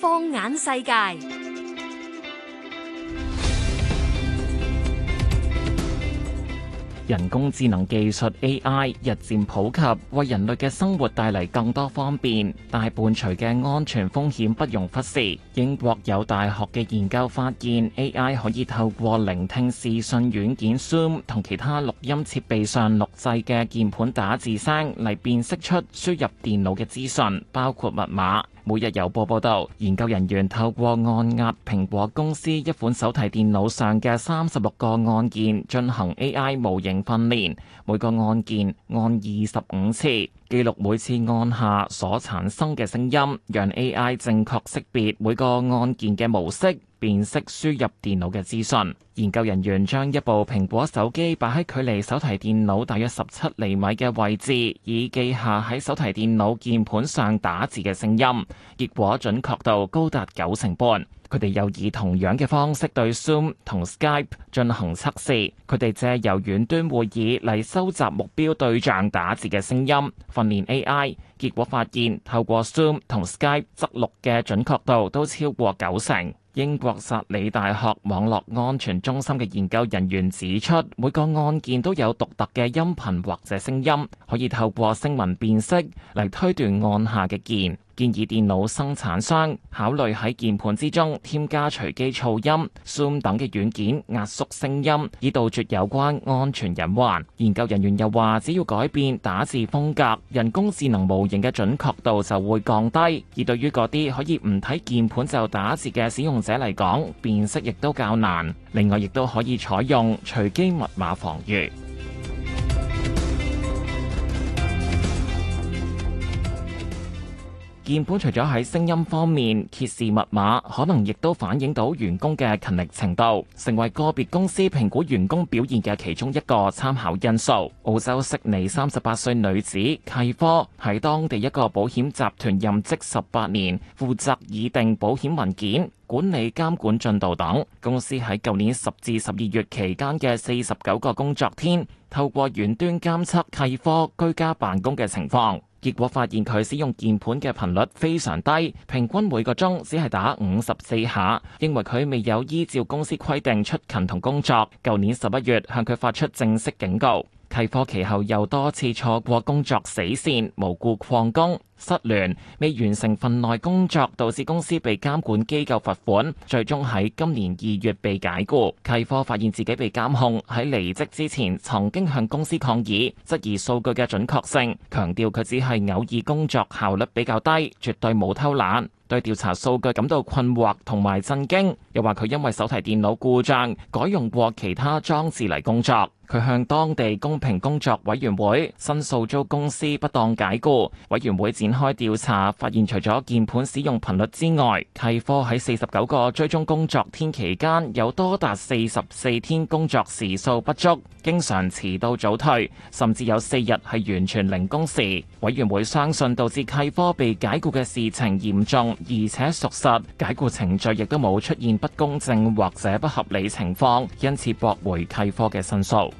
放眼世界。人工智能技術 AI 日漸普及，為人類嘅生活帶嚟更多方便，但係伴隨嘅安全風險不容忽視。英國有大學嘅研究發現，AI 可以透過聆聽視訊軟件 Zoom 同其他錄音設備上錄製嘅鍵盤打字聲嚟辨識出輸入電腦嘅資訊，包括密碼。每日郵報報導，研究人員透過按壓蘋果公司一款手提電腦上嘅三十六個按鍵進行 AI 模型訓練，每個按鍵按鍵按二十五次。記錄每次按下所產生嘅聲音，讓 AI 正確識別每個按鍵嘅模式，辨識輸入電腦嘅資訊。研究人員將一部蘋果手機擺喺距離手提電腦大約十七厘米嘅位置，以記下喺手提電腦鍵盤上打字嘅聲音，結果準確度高達九成半。佢哋又以同樣嘅方式對 Zoom 同 Skype 進行測試。佢哋借由遠端會議嚟收集目標對象打字嘅聲音訓練 AI，結果發現透過 Zoom 同 Skype 側錄嘅準確度都超過九成。英國薩里大學網絡安全中心嘅研究人員指出，每個按鍵都有獨特嘅音頻或者聲音，可以透過聲紋辨識嚟推斷按下嘅鍵。建議電腦生產商考慮喺鍵盤之中添加隨機噪音、Zoom 等嘅軟件壓縮聲音，以杜絕有關安全隱患。研究人員又話，只要改變打字風格，人工智能模型嘅準確度就會降低。而對於嗰啲可以唔睇鍵盤就打字嘅使用，者嚟講，辨識亦都較難，另外，亦都可以採用隨機密碼防禦。鍵盤除咗喺聲音方面揭示密碼，可能亦都反映到員工嘅勤力程度，成為個別公司評估員工表現嘅其中一個參考因素。澳洲悉尼三十八歲女子契科喺當地一個保險集團任職十八年，負責擬定保險文件、管理監管進度等。公司喺舊年十至十二月期間嘅四十九個工作天，透過遠端監測契，契，契科居家辦公嘅情況。結果發現佢使用鍵盤嘅頻率非常低，平均每個鐘只係打五十四下，認為佢未有依照公司規定出勤同工作。舊年十一月向佢發出正式警告，契科其後又多次錯過工作死線，無故曠工。失聯，未完成份內工作，導致公司被監管機構罰款，最終喺今年二月被解僱。契科發現自己被監控，喺離職之前曾經向公司抗議，質疑數據嘅準確性，強調佢只係偶爾工作效率比較低，絕對冇偷懶。對調查數據感到困惑同埋震驚，又話佢因為手提電腦故障改用過其他裝置嚟工作。佢向當地公平工作委員會申訴遭公司不當解僱，委員會展開調查發現，除咗鍵盤使用頻率之外，契科喺四十九個追蹤工作天期間，有多達四十四天工作時數不足，經常遲到早退，甚至有四日係完全零工時。委員會相信導致契科被解僱嘅事情嚴重而且屬實，解僱程序亦都冇出現不公正或者不合理情況，因此駁回契科嘅申訴。